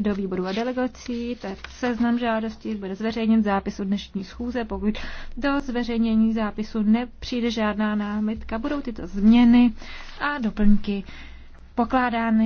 do výboru a delegací, tak seznam žádostí bude zveřejněn zápisu dnešní schůze. Pokud do zveřejnění zápisu nepřijde žádná námitka, budou tyto změny a doplňky pokládány